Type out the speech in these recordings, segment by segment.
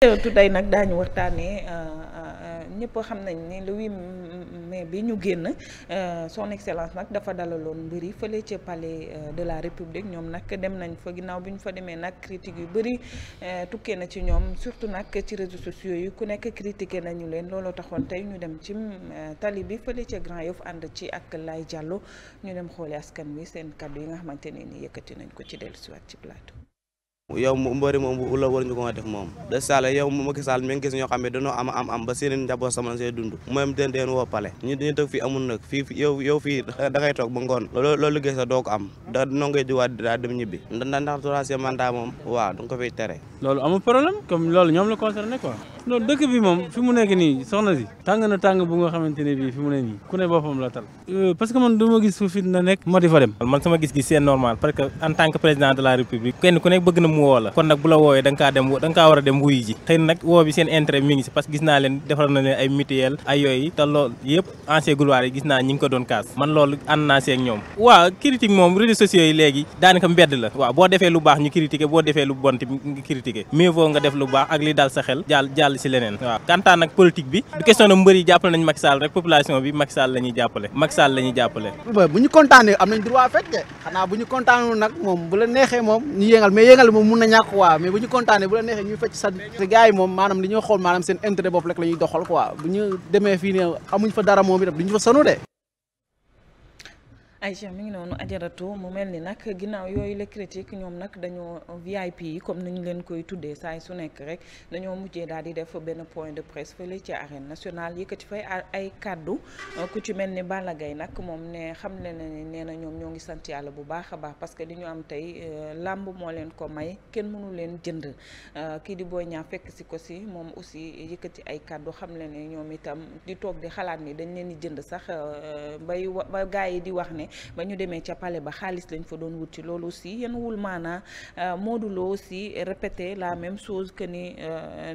tu tey nag daañu waxtaanee euh, euh, ñëpp xam nañ ni le 8 mais bi ñu génn euh, son excellence nag dafa dalaloon mbëri fële ca palais de la république ñoom nag dem nañ fa ginnaaw bi ñu fa demee nag critique yu bëri tukkee na ci ñoom surtout nag ci réseaux sociaux yi ku nekk critiqué nañu leen looloo taxoon tey ñu dem ci tali bi fële ca Grand Yoff ànd ci ak Laye Diallo ñu dem xooli askan wi seen kàddu yi nga xamante ne ni yëkkati nañ ko ci dellusiwaat ci plateau. yow mbëri moom bu la war ñu ko def moom de sall yow Macky Sall mi ngi gis ñoo xam ne am am ba seen njaboot sama see dund moom den deen woo pale ñu dañu toog fii amul nag fii yow yow fii da ngay daa dem ñibbi ndax ndax troisième mandat moom waaw du nga ko fiy tere loolu amul problème comme loolu ñoom bi fi mu nekk nii soxna si tàng na tàng bu nga xamante ne fi mu ne nii ku ne boppam la tal euh, parce que man du ma gis fu fit na nekk ma di fa dem man woo la kon nag bu la woowee da nga dem da nga kaa war a dem wuyu ji xëy nag woo bi seen intérêt mi ngi si parce que gis naa leen defar na leen ay mutuelle ay yooyu te loolu yëpp ancien gis naa ñi ngi ko doon kaas man loolu ànd naa seeg ñoom waaw critique moom réseaux sociaux yi léegi daanaka mbedd la waaw boo defee lu baax ñu critiqué boo defee lu bon tamit ñu critiqué mieux vaut nga def lu baax ak li dal sa xel jàll jàll leneen waaw kantaan nag politique bi du mun na ñàkk quoi mais bu ñu kontaanee bu la neexee ñuy fecc sa te moom maanaam li ñuy xool maanaam seen intérêt bopp rek la ñuy doxal quoi bu ñu demee fii ne amuñ fa dara moom itam du ñu fa sonu ay Aïcha mi ngi noonu ajaratu mu mel ni nag ginnaaw yooyu la critique ñoom nag dañoo VIP yi comme ni ñu leen koy tuddee saay su nekk rek dañoo mujjee daal di def benn point de presse fële ci arène nationale yëkkati fay ay kàddu uh, ku ci mel ni Balla Gaye nag moom ne xam le ne nee na ñoom ñoo ngi sant yàlla bu baax a baax parce que li am tey uh, làmb moo leen ko may kenn mënu leen jënd uh, kii di Boy Niang fekk si ko si moom aussi yëkkati ay kàddu xam le ne ñoom itam di toog di xalaat ni dañ leen di jënd sax bay ba yi di wax ne ba ñu demee ca pale ba xaalis lañ fa doon wuti loolu si yéen wul maanaa Modou Lo aussi répété la même chose que ni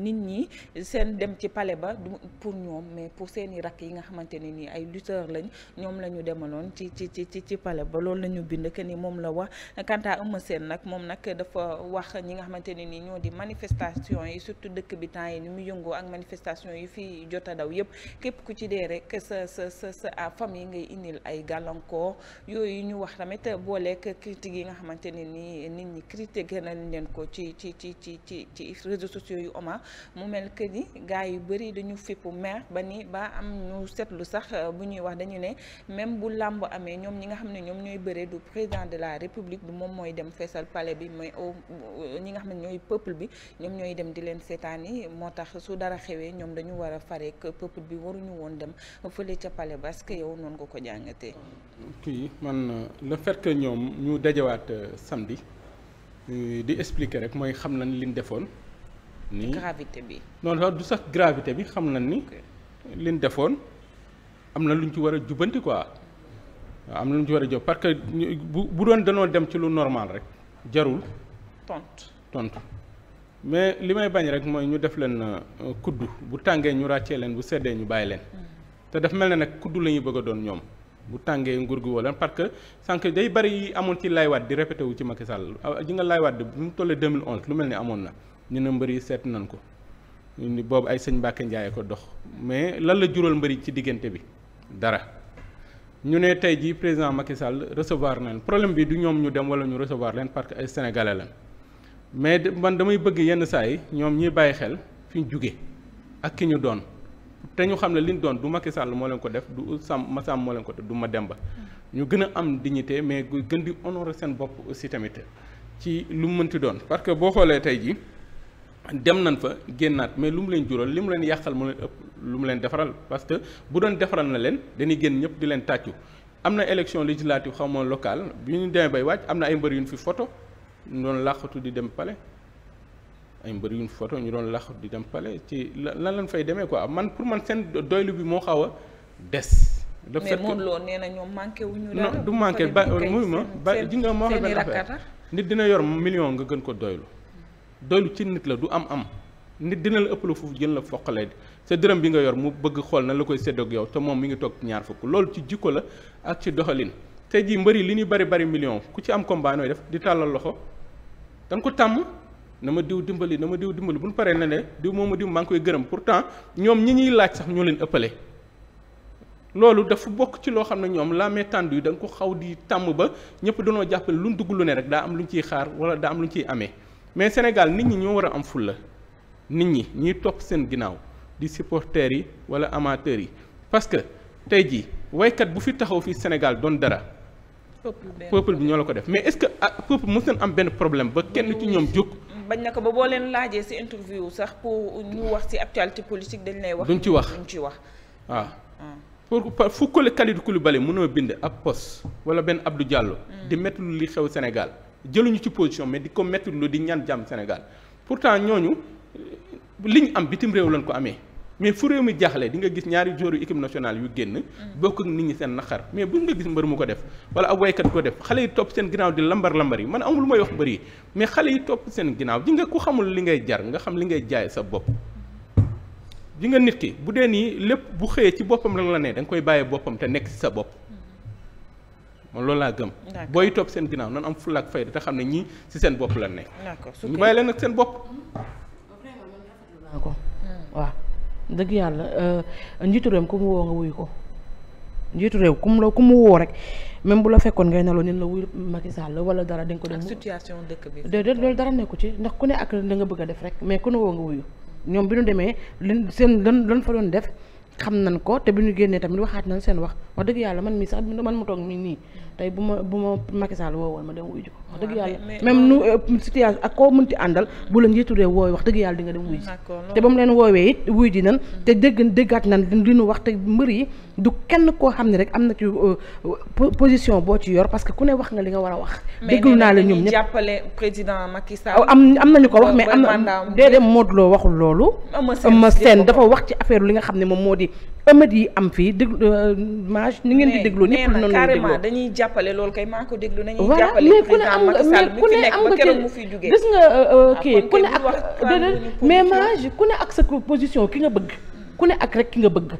nit ñi seen dem ci pale ba du pour ñoom mais pour seeni i rakk yi nga xamante ne nii ay lutteurs lañ ñoom la ñu demaloon ci ci ci ci palais ba loolu la ñu bind que ni moom la wax kanta à seen nag moom nag dafa wax ñi nga xamante ne nii ñoo di manifestation yi surtout dëkk bi temps yi ni mu yëngoo ak manifestation yi fii jot a daw yëpp képp ku ci dee rek sa sa sa sa famille ngay indil ay gàllankoor. ko yooyu ñu wax tamit booleek critique yi nga xamante ne nii nit ñi critiqué nañ leen ko ci ci ci ci ci ci réseaux sociaux yu oma mu mel que ni gars yu bëri dañu fippu mer ba ni ba am ñu seetlu sax euh, bu ñuy wax dañu ne même bu làmb amee ñoom ñi nga xam ne ñoom ñooy bëree du président de la république du moom mooy dem feesal pale bi mooy euh, ñi nga xam ne ñooy peuple bi ñoom ñooy dem di leen seetaani moo tax su dara xewee ñoom dañu war a fareek peuple bi waruñu woon dem fële ca palais ba que yow noonu nga ko jàngatee kii man euh, le fait ñoom ñu dajawaat euh, samedi euh, di expliquer rek mooy xam nañ liñ defoon. nii gravité bi. non du sax gravité bi xam na ni. liñ defoon am na luñ ci war a jubanti quoi am na luñ ci war a jub parce que bu bu doon danoo dem ci lu normal rek jarul. tont tontu mais li may bañ rek mooy ñu def leen kuddu bu tàngee ñu ràccee leen bu seddee ñu bàyyi leen. Hmm. te daf mel ne nag kuddu la ñuy bëgg a doon ñoom. bu tàngee nguur gi wala parce que sànq day bari yi amoon ci Laye Wade di répété wu ci Macky Sall ah ji nga Laye Wade bu mu tollee 2011 lu mel ni amoon na ñu ne mbër yi seet nañ ko ni boobu ay sëñ Mbacke Ndiaye ko dox mais lan la jural mbëri ci diggante bi dara ñu ne tey jii président Macky Sall recevoir nañ problème bi du ñoom ñu dem wala ñu recevoir leen parce que ay sénégalais la mais man damay bëgg yenn saa yi ñoom ñuy bàyyi xel fi ñu jugee ak ki ñu doon. te ñu xam ne li ñu doon du Macky Sall moo leen ko def du Sam Massam moo leen ko def du ma Mademba ñu gën a am dignité mais gën di honorer seen bopp aussi tamit ci lu mu mënti doon parce que boo xoolee tey ji dem nañ fa génnaat mais lu mu leen jural li mu leen yàqal mu leen ëpp lu mu leen defaral parce que bu doon defaral na leen dañu génn ñëpp di leen tàccu am na élection législative xaw ma locale bi ñu demee bay wàcc am na ay mbër yu ñu fi photo ñu doon di dem palais ay mbër yuñ photo ñu doon lax di dem palais ci lan lañ fay demee quoi man pour man seen doylu bi moo xaw a des. le fait que mais nee na ñoom manqué wu ñu. dara non du manqué ba muy ma ba ji nga ma wax benn affaire nit dina yor million nga gën ko doylu doylu ci nit la du am am nit dina la ëpp la foofu jën la foqale sa dërëm bi nga yor mu bëgg xool na la koy séddoog yow te moom mi ngi toog ñaar fukk loolu ci jikko la ak ci doxalin te ji mbër yi li ñuy bari bari million ku ci am combat nooy def di tàllal loxo na ma diw dimbali na ma diw dimbali bu ñu paree na ne diw moo ma diw maa ngi koy gërëm pourtant ñoom ñi ñuy laaj sax ñoo leen ëppale loolu dafa bokk ci loo xam ne ñoom la main tendue da ko xaw di tàmm ba ñëpp dañoo jàpp lu ñu dugg lu ne rek daa am lu ñu ciy xaar wala daa am lu ñu ciy amee mais Sénégal nit ñi ñoo war a am fulla nit ñi ñuy topp seen ginnaaw di supporters yi wala amateurs yi parce que tey jii waykat bu fi taxaw fii Sénégal doon dara. peuple bi ñoo la ko def mais est-ce que ah peuple mos nañ am benn problème ba kenn ci ñoom jóg. bañ na ko ba boo leen laajee ci interview sax pour ñu wax ci actualité politique dañ lay wax. duñ ci wax duñ ci wax waaw. Ah. Hmm. pour fu Koli Kalidou Koulibaly mënoo bind ab poste wala benn Abdou Diallo. Hmm. di mettre lu li xew Sénégal jëluñu ci position mais di ko mettre lu di ñaan jàmm Sénégal pourtant ñooñu liñ am bitim réew lañ ko amee. mais fu réew mi jaaxle di nga gis ñaari joueurs yu équipe nationale yu génn mm. bokk ak nit ñi seen naqar mais bu nga gis mbër mu ko def wala ab waykat ko def xale yi topp seen ginnaaw di lambar lambar yi man amul lu may wax bëri mais xale yi topp seen ginnaaw di nga ko xamul li ngay jar nga xam li ngay jaay sa bopp ji nga nit ki bu dee nii lépp bu xëyee ci boppam la la ne da koy bàyyee boppam te nekk ci sa bopp mm-hmm. man loolu laa gëm. booy topp seen ginnaaw nan am fulla ak fayda te xam ne ñii ci seen bopp la nekk. ñu bàyyi leen seen bopp. vraiment dëgg yàlla euh, njiitu réew ku mu woo nga wuyu ko njiitu réew ku mu la ku mu woo rek même bu la fekkoon ngay neloo nin la wuyu Macky la wala dara da ko dem situation dëkk bi déedéet loolu dara nekku ci ndax ku ne ak da nga bëgg a def rek mais ku nu woo nga wuyu ñoom bi ñu demee liñ seen lan lan fa doon def xam nañ ko te bi ñu génnee tamit waxaat nañ seen wax wax dëgg yàlla man mii sax man mu toog mii nii tey bu ma bu ma Macky woo woon ma dem wuyu ji wax dëgg yàlla même nu euh, situation ak koo mënti àndal bu la njiitu réew woowee wax dëgg yàlla di nga dem wuy ji te ba mu leen woowee it wuy ji nan mm. te dégg déggaat nan li nu wax te mbër yi du kenn koo xam ne rek am na ci euh, position boo ci yor parce que ku ne wax nga li nga war a wax déggul naa la ñoom ñëpp jàppale président Macky Sall am am ñu ko wax mais am na déedéet Modou Lo waxul loolu Eumeu Sène dafa wax ci affaire li nga xam ne moom moo di ëmët yi am fii déglu euh, mage ni ngeen di déglu ñëpp noonu carrément dañuy jàppale loolu kay maa ko déglu nañuy jàppale Macky Sall bi fi nekk ba keroog mu fiy jugee gis nga euh, euh, kii ku ne ak déedéet mais mage ku ne ak sa position ki nga bëgg ku ne ak rek ki nga bëgg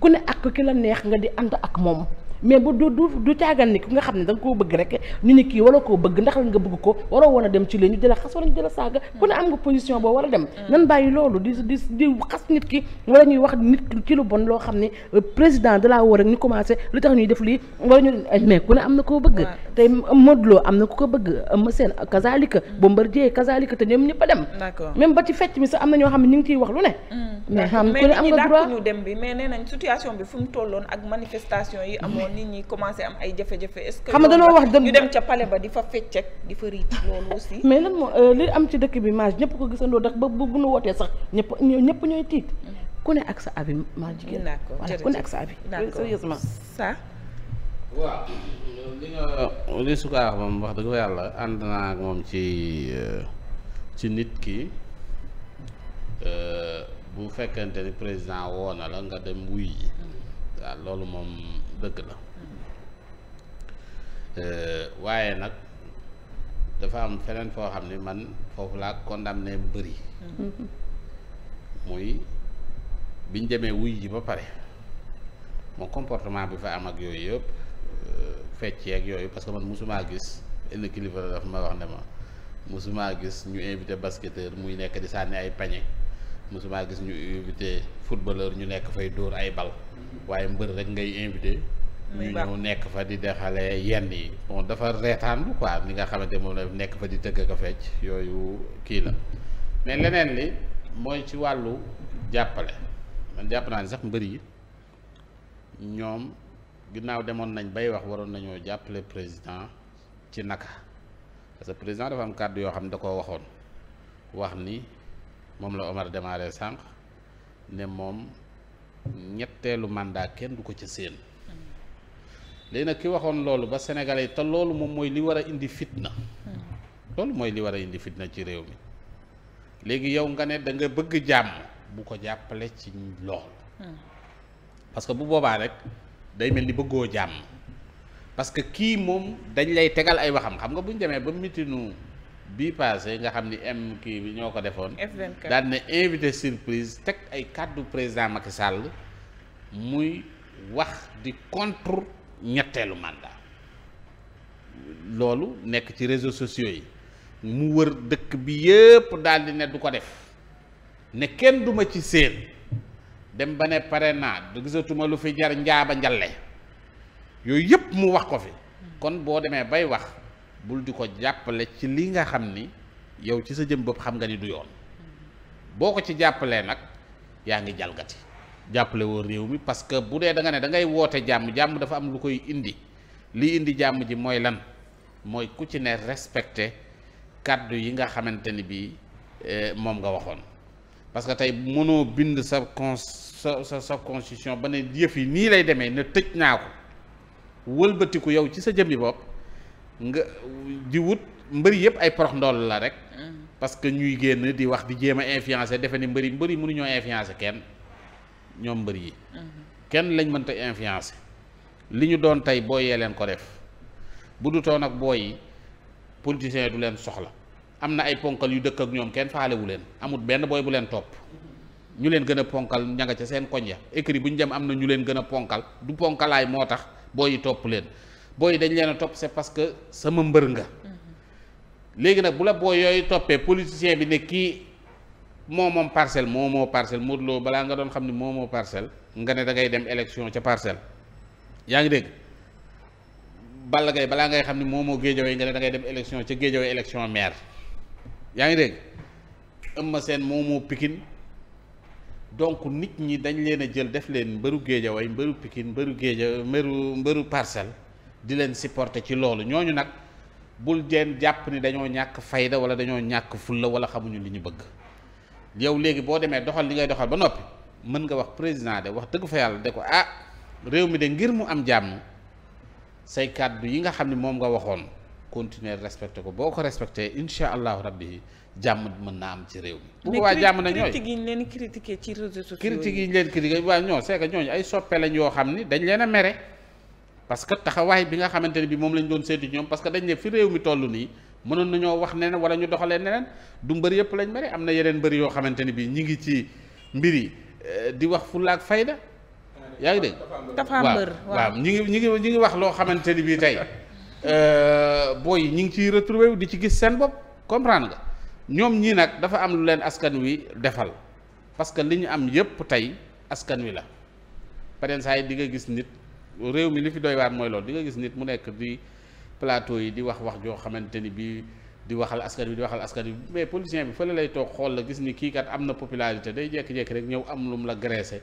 ku ne ak ki la neex nga di ànd ak moom mais bu du du du caagan ni ki nga xam ne da koo bëgg rek ñu ni kii wala koo bëgg ndax la nga bëgg ko waroo woon a dem ci leen ñu jëla xas wala ñu jëla saaga mm. ku ne am nga position boo war a dem mm. nan bàyyi loolu di xas nit ki wala ñuy wax nit ci bon loo xam ne euh, président de war ak ñu commencé lu tax def lii wala ñu ku ne am na koo bëgg tey Modou Lo am na ku ko bëgg Eumeu Sène kazalika mm. Bombardier kazalika te ñoom ñëpp a dem mem ba ci fecc mi sax am na ñoo xam ne ñu ngi ciy wax lu ne mais ku ne am nga droit dem bi mais nee nañ situation bi fu mu tolloon ak yi amoon nit ñi commencé am ay jafe-jafe ce que xam nga dañoo wax dëgg ñu dem ca pale ba di fa feccek di fa riit loolu aussi mais lan moo euh, li am ci dëkk bi mage ñëpp ko gisandoo ndax bu nu wootee sax ñëpp ñëpp ñooy tiit mm. ku ne ak sa abi maa jigéen voilà ku ne ak sa abi sérieusement ça waaw li nga li su ko wax moom wax dëgg fa yàlla ànd naa ak moom ci euh, ci nit ki euh, bu fekkente ni président woo la nga dem wuy ji mm. waaw loolu moom dëgg la euh, waaye nag dafa am feneen foo xam ne man foofu laa condamné bëri muy biñ demee wuy ji ba pare moom comportement bi fa am ak yooyu yëpp euh, feccee ak yooyu parce que man mosumaa gis benn kilifa la dafa ma wax ne ma mosumaa gis ñu invité basketteur muy nekk di sànni ay pañe mosumaa gis ñu invité footballeur ñu nekk fay dóor ay bal waaye mbër rek ngay invité. ñu ñëw nekk fa di dexale yenn yi bon dafa reetaanlu quoi ni nga xamante moom la nekk fa di tëgg ko fecc yooyu kii la mais leneen li mooy ci wàllu jàppale man jàpp naa ni sax mbër yi ñoom ginnaaw demoon nañ bay wax waroon nañoo jàppale président ci naka parce que président dafa am kàddu yoo xam ne da koo waxoon wax ni moom la Omar démarré sànq ne moom ñetteelu mandat kenn du ko ca séen léegi nag ki waxoon loolu ba sénégalais te loolu moom mooy li war a indi fitna loolu mooy li war a indi fitna ci réew mi léegi yow nga ne da nga bëgg jàmm bu ko jàppale ci lool parce que bu boobaa rek day mel ni bëggoo jàmm parce que kii moom dañ lay tegal ay waxam xam nga bu ñu demee ba mitinu bii passé nga xam ni M kii bi ñoo ko defoon. F24 daan na invité surprise teg ay kàddu président Macky Sall muy wax di contre ñetteelu mandat loolu nekk ci réseaux sociaux yi mu wër dëkk bi yépp daal di ne du ko def ne kenn duma ci seen dem ba ne pare naa du gisatuma lu fi jar njaaba njalle yooyu yépp mu wax ko fi kon boo demee bay wax. bul di ko jàppale ci li nga xam ni yow ci sa jëm bopp xam nga ni du yoon boo ko ci jàppalee nag yaa ngi jalgati jàppale woo réew mi parce que bu dee da nga ne da ngay woote jàmm jàmm dafa am lu koy indi li indi jàmm ji mooy lan mooy ku ci ne respecté kàddu yi nga xamante ni bii eh, moom nga waxoon parce que tey mënoo bind sa con sa sa sa constitution ba ne yëf yi nii lay demee ne tëj naa ko wëlbatiku yow ci sa jëmmi bopp. nga di wut mbëri yëpp ay porox ndool la rek mm. parce que ñuy génn di wax di jéem a influencer defe ni mbëri mbëri mënuñoo influencer kenn ñoom mbër yi mm-hmm. kenn lañ mënta influencer li ñu doon tey booyee leen ko def bu dutoon ak booy yi politiciens du leen soxla am na ay ponkal yu dëkk ak ñoom kenn faalewu leen amut benn booy bu leen topp mm-hmm. ñu leen gën a ponkal ña nga ca seen koñ ya écrit bu ñu dem am na ñu leen gën a ponkal du ponkalaay moo tax booy yi topp leen booy dañ leen a topp c'est parce que sama mbër nga léegi nag bu la boo yooyu toppee politicien bi ne kii moo moom parcelle moomoo parcelle Modou Lo balaa nga doon xam ni moo moo parcelle nga ne dangay dem élection ca parcelle yaa ngi dégg Balla Gaye balaa ngay xam ni moo moo Guédiawaye nga ne da ngay dem élection ca Guédiawaye élection maire yaa ngi dégg Eumeu Sène moo moo Pikine donc nit ñi dañ leen a jël def leen mbëru Guédiawaye mbëru pikin mbëru Guédiawaye mbëru mbëru parcelle di leen supporter ci loolu ñooñu nag bul deen jàpp ni dañoo ñàkk fayda wala dañoo ñàkk fulla wala xamuñu li ñu bëgg yow léegi boo demee doxal li ngay doxal ba noppi mën nga wax président de wax dëgg fa yàlla de ko ah réew mi de ngir mu am jàmm say kàddu yi nga xam ne moom nga waxoon continuer respecté ko boo ko respecté incha allahu rabbi jàmm mën naa am ci réew mi. bu waa jàmm nag ñooy critique yi ñu leen critiqué ci réseaux sociaux yi. critique yi ñu leen critiqué waaw ñoo c'est ñooñu ay soppe lañ yoo xam ni dañ leen a mere. parce que taxawaay bi nga xamante ne bi moom lañ doon seeti ñoom parce que dañ ne fi réew mi toll nii mënoon nañoo wax neneen wala ñu doxalee neneen du mbër yëpp lañ mere am na yeneen mbër yoo xamante ne bi ñi ngi ci mbir yi euh, di wax fulla ak fayda yaa ngi dégg dafa mbër waaw ñi ngi ñi ñi ngi wax loo xamante ni bii tey euh, booy ñi ngi ciy retrouvé wu di ci gis seen bopp comprendre nga ñoom ñii nag dafa am lu leen askan wi defal parce que li ñu am yépp tey askan wi la pareen saa yi di gis nit réew mi li fi doy waar mooy loolu di nga gis nit mu nekk di plateau yi di wax wax joo xamante ni bii di waxal askan wi di waxal askan wi mais politicien bi fële lay toog xool la gis ni kii kat am na popularité day jékki-jékki rek ñëw am lum la graissé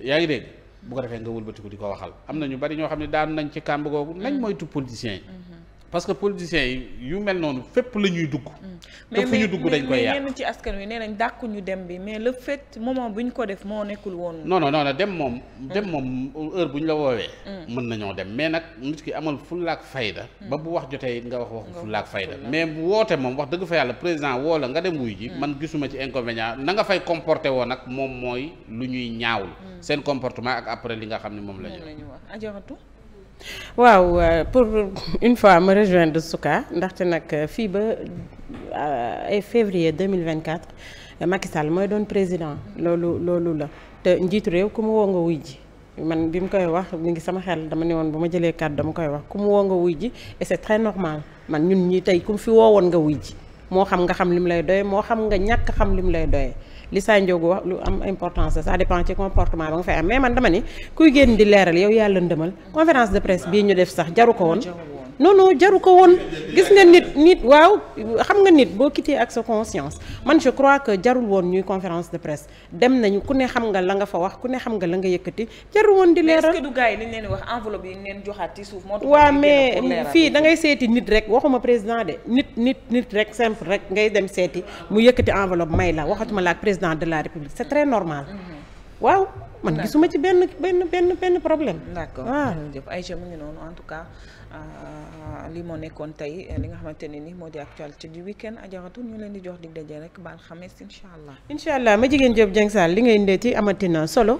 yaa ngi dégg bu ko defee nga ko di ko waxal am na ñu bari ñoo xam ne daan nañ ci kàmb googu nañ moytu politicien yi. Mm-hmm. parce que politiciens yi yu mel noonu fépp la ñuy dugg. Mm. te fu ñu dugg dañ koy yàq mais ci askan wi nee nañ dàqu dem bi mais le fait moment bu ñu ko def moo nekkul woon. non non non dem moom. Mm. dem moom heure bu ñu la woowee. Mm. mën nañoo dem mais nag nit ki amal fullaak fayda. ba bu wax jotee nga wax wax fullaak fayda mais woote moom wax dëgg fa yàlla président woo la nga dem wuy ji. man gisuma ci inconvénient nanga fay comporté woo nag moom mooy lu ñuy ñaawul. seen comportement ak après li nga xam ne moom la ñu. waaw euh, pour une fois ma rejoindre Souka ndaxte nag euh, fii ba euh, ay février 2024 Macky Sall mooy doon président loolu loolu la te njiitu réew ku mu woo nga wuy ji man bi mu koy wax mu ngi sama xel dama ne woon bu ma jëlee kàddu dama koy wax ku mu woo nga wuy ji est c'est très normal man ñun ñi tey ku mu fi woon nga wuy ji moo xam nga xam li mu lay doy moo xam nga ñàkk xam li mu lay doy li saa njoogu wax lu am importance ça dépend ci comportement ba nga fay am mais man dama ni kuy génn di leeral yow yàlla lëndëmal conférence de presse bii ñu def sax jaru ko woon noonu non jaru ko woon gis nga nit nit waaw xam nga nit boo quitté ak sa conscience man je crois que jarul woon ñuy conférence de presse dem nañu ku ne xam nga la nga fa wax ku ne xam nga la nga yëkkati jarul woon di leeral est-ce que du gars leen wax enveloppe yi leen joxaat suuf moo tax waaw mais fii dangay ngay seeti nit rek waxuma président de nit nit nit rek simple rek ngay dem seeti mu yëkkati enveloppe may la waxatuma la ak président de la république c'est très normal mm-hmm. waaw man gisuma ci benn benn benn benn problème. d'accord ah. jërëjëf Aïcha mu ngi noonu en tout cas euh, li moo nekkoon tey li nga xamante ne nii moo di actualité du week-end ajaratu ñu leen di jox dig daje rek ba alxames incha allah. incha allah ma jigéen Diop Dieng Sall li ngay indee ci amatina solo.